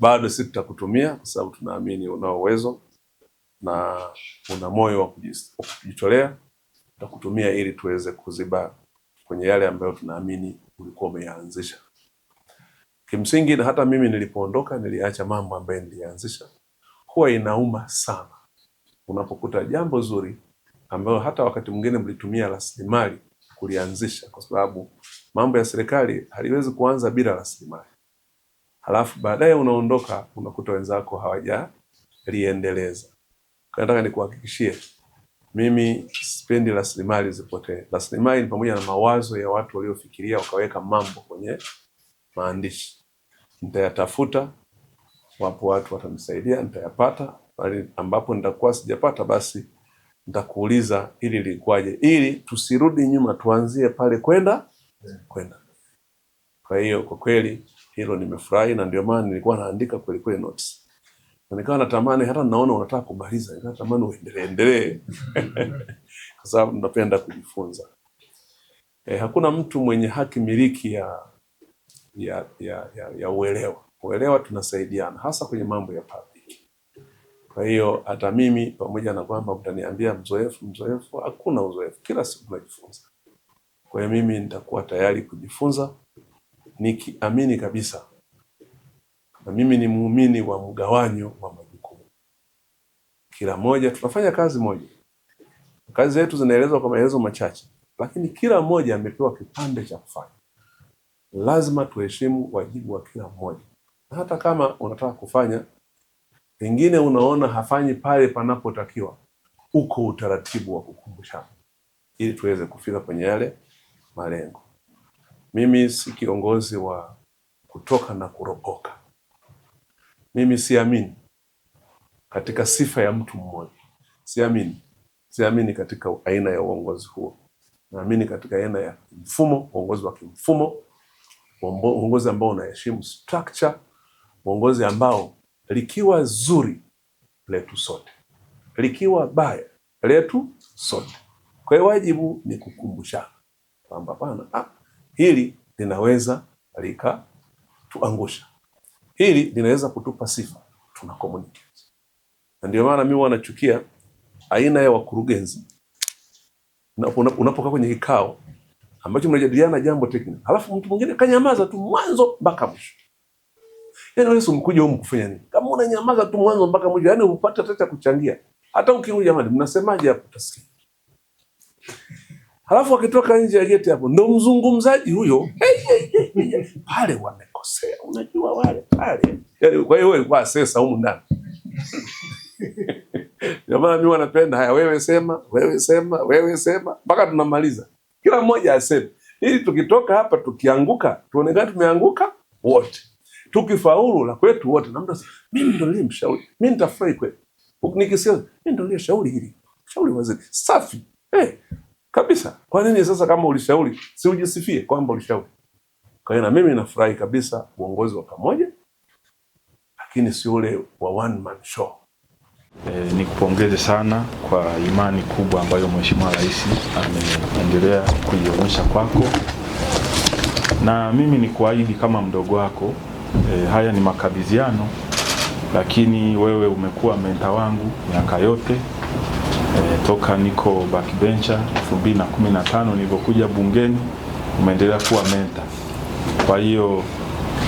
bado sisi tutakutumia kwa sababu tunaamini unao uwezo na una moyo wa kujitolea, tutakutumia ili tuweze kuziba kwenye yale ambayo tunaamini ulikuwa umeyaanzisha. Kimsingi, na hata mimi nilipoondoka niliacha mambo ambayo nilianzisha. Huwa inauma sana unapokuta jambo zuri ambayo hata wakati mwingine mlitumia rasilimali kulianzisha, kwa sababu mambo ya serikali haliwezi kuanza bila rasilimali halafu baadaye unaondoka unakuta wenzako hawajaliendeleza. Nataka nikuhakikishie, mimi sipendi rasilimali zipotee. Rasilimali ni pamoja na mawazo ya watu waliofikiria wakaweka mambo kwenye maandishi. Nitayatafuta, wapo watu watanisaidia, nitayapata, bali ambapo nitakuwa sijapata, basi nitakuuliza ili likwaje, ili tusirudi nyuma, tuanzie pale kwenda kwenda. Kwa hiyo kwa kweli hilo nimefurahi, na ndio maana nilikuwa naandika kweli kweli notes na nikawa natamani, hata naona unataka kumaliza, nikawa natamani uendelee endelee kwa sababu napenda kujifunza. E, hakuna mtu mwenye haki miliki ya ya ya, ya, ya uelewa. Uelewa tunasaidiana hasa kwenye mambo ya public. Kwa hiyo hata mimi pamoja na kwamba mtaniambia mzoefu mzoefu, hakuna uzoefu, kila siku najifunza. Kwa hiyo mimi nitakuwa tayari kujifunza nikiamini kabisa na mimi ni muumini wa mgawanyo wa majukumu. Kila mmoja tunafanya kazi moja, kazi zetu zinaelezwa kwa maelezo machache, lakini kila mmoja amepewa kipande cha kufanya. Lazima tuheshimu wajibu wa kila mmoja, na hata kama unataka kufanya pengine unaona hafanyi pale panapotakiwa, uko utaratibu wa kukumbushana ili tuweze kufika kwenye yale malengo. Mimi si kiongozi wa kutoka na kuropoka. Mimi siamini katika sifa ya mtu mmoja, siamini, siamini katika aina ya uongozi huo. Naamini katika aina ya mfumo, uongozi wa kimfumo, uongozi ambao unaheshimu structure, uongozi ambao likiwa zuri letu sote, likiwa baya letu sote. Kwa hiyo wajibu ni kukumbushana kwamba ah, hili linaweza likatuangusha, hili linaweza kutupa sifa, tuna communicate. Na ndio maana mimi wanachukia aina ya wakurugenzi, unapokaa kwenye kikao ambacho mnajadiliana jambo technical, halafu mtu mwingine kanyamaza tu mwanzo mpaka mwisho. Yani wewe usimkuje huko kufanya nini? Kama unanyamaza tu mwanzo mpaka mwisho, yani upate hata cha kuchangia. Hata ukirudi jamani, mnasemaje hapo tasikia halafu akitoka nje ya geti hapo ndo mzungumzaji huyo pale wamekosea, unajua wale pale. Yani, Kwa hiyo wewe asesa humu ndani jamaa, mimi wanapenda haya, wewe sema, wewe sema, wewe sema mpaka tunamaliza, kila mmoja aseme, ili tukitoka hapa tukianguka tuonekane tumeanguka wote, tukifaulu la kwetu wote, na mtu mimi ndo mshauri, mimi nitafurahi kweli nikisikia mimi ndo shauri hili shauri waziri safi, hey. Eh, kabisa. Kwa nini sasa, kama ulishauri, si ujisifie kwamba ulishauri? Kwa hiyo na mimi nafurahi kabisa uongozi wa pamoja, lakini si ule wa one man show. E, nikupongeze sana kwa imani kubwa ambayo Mheshimiwa Rais ameendelea kuionyesha kwako, na mimi nikuahidi kama mdogo wako e, haya ni makabidhiano, lakini wewe umekuwa menta wangu miaka yote toka niko backbencher 2015 nilipokuja bungeni, umeendelea kuwa menta. Kwa hiyo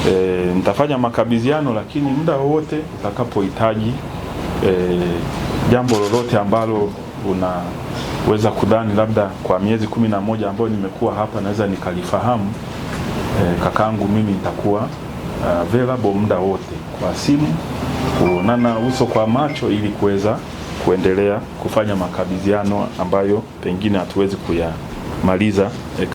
e, nitafanya makabidhiano, lakini muda wowote utakapohitaji e, jambo lolote ambalo unaweza kudhani labda kwa miezi kumi na moja ambayo nimekuwa hapa naweza nikalifahamu, e, kakaangu mimi nitakuwa available muda wote kwa simu, kuonana uso kwa macho ili kuweza kuendelea kufanya makabidhiano ambayo pengine hatuwezi kuyamaliza.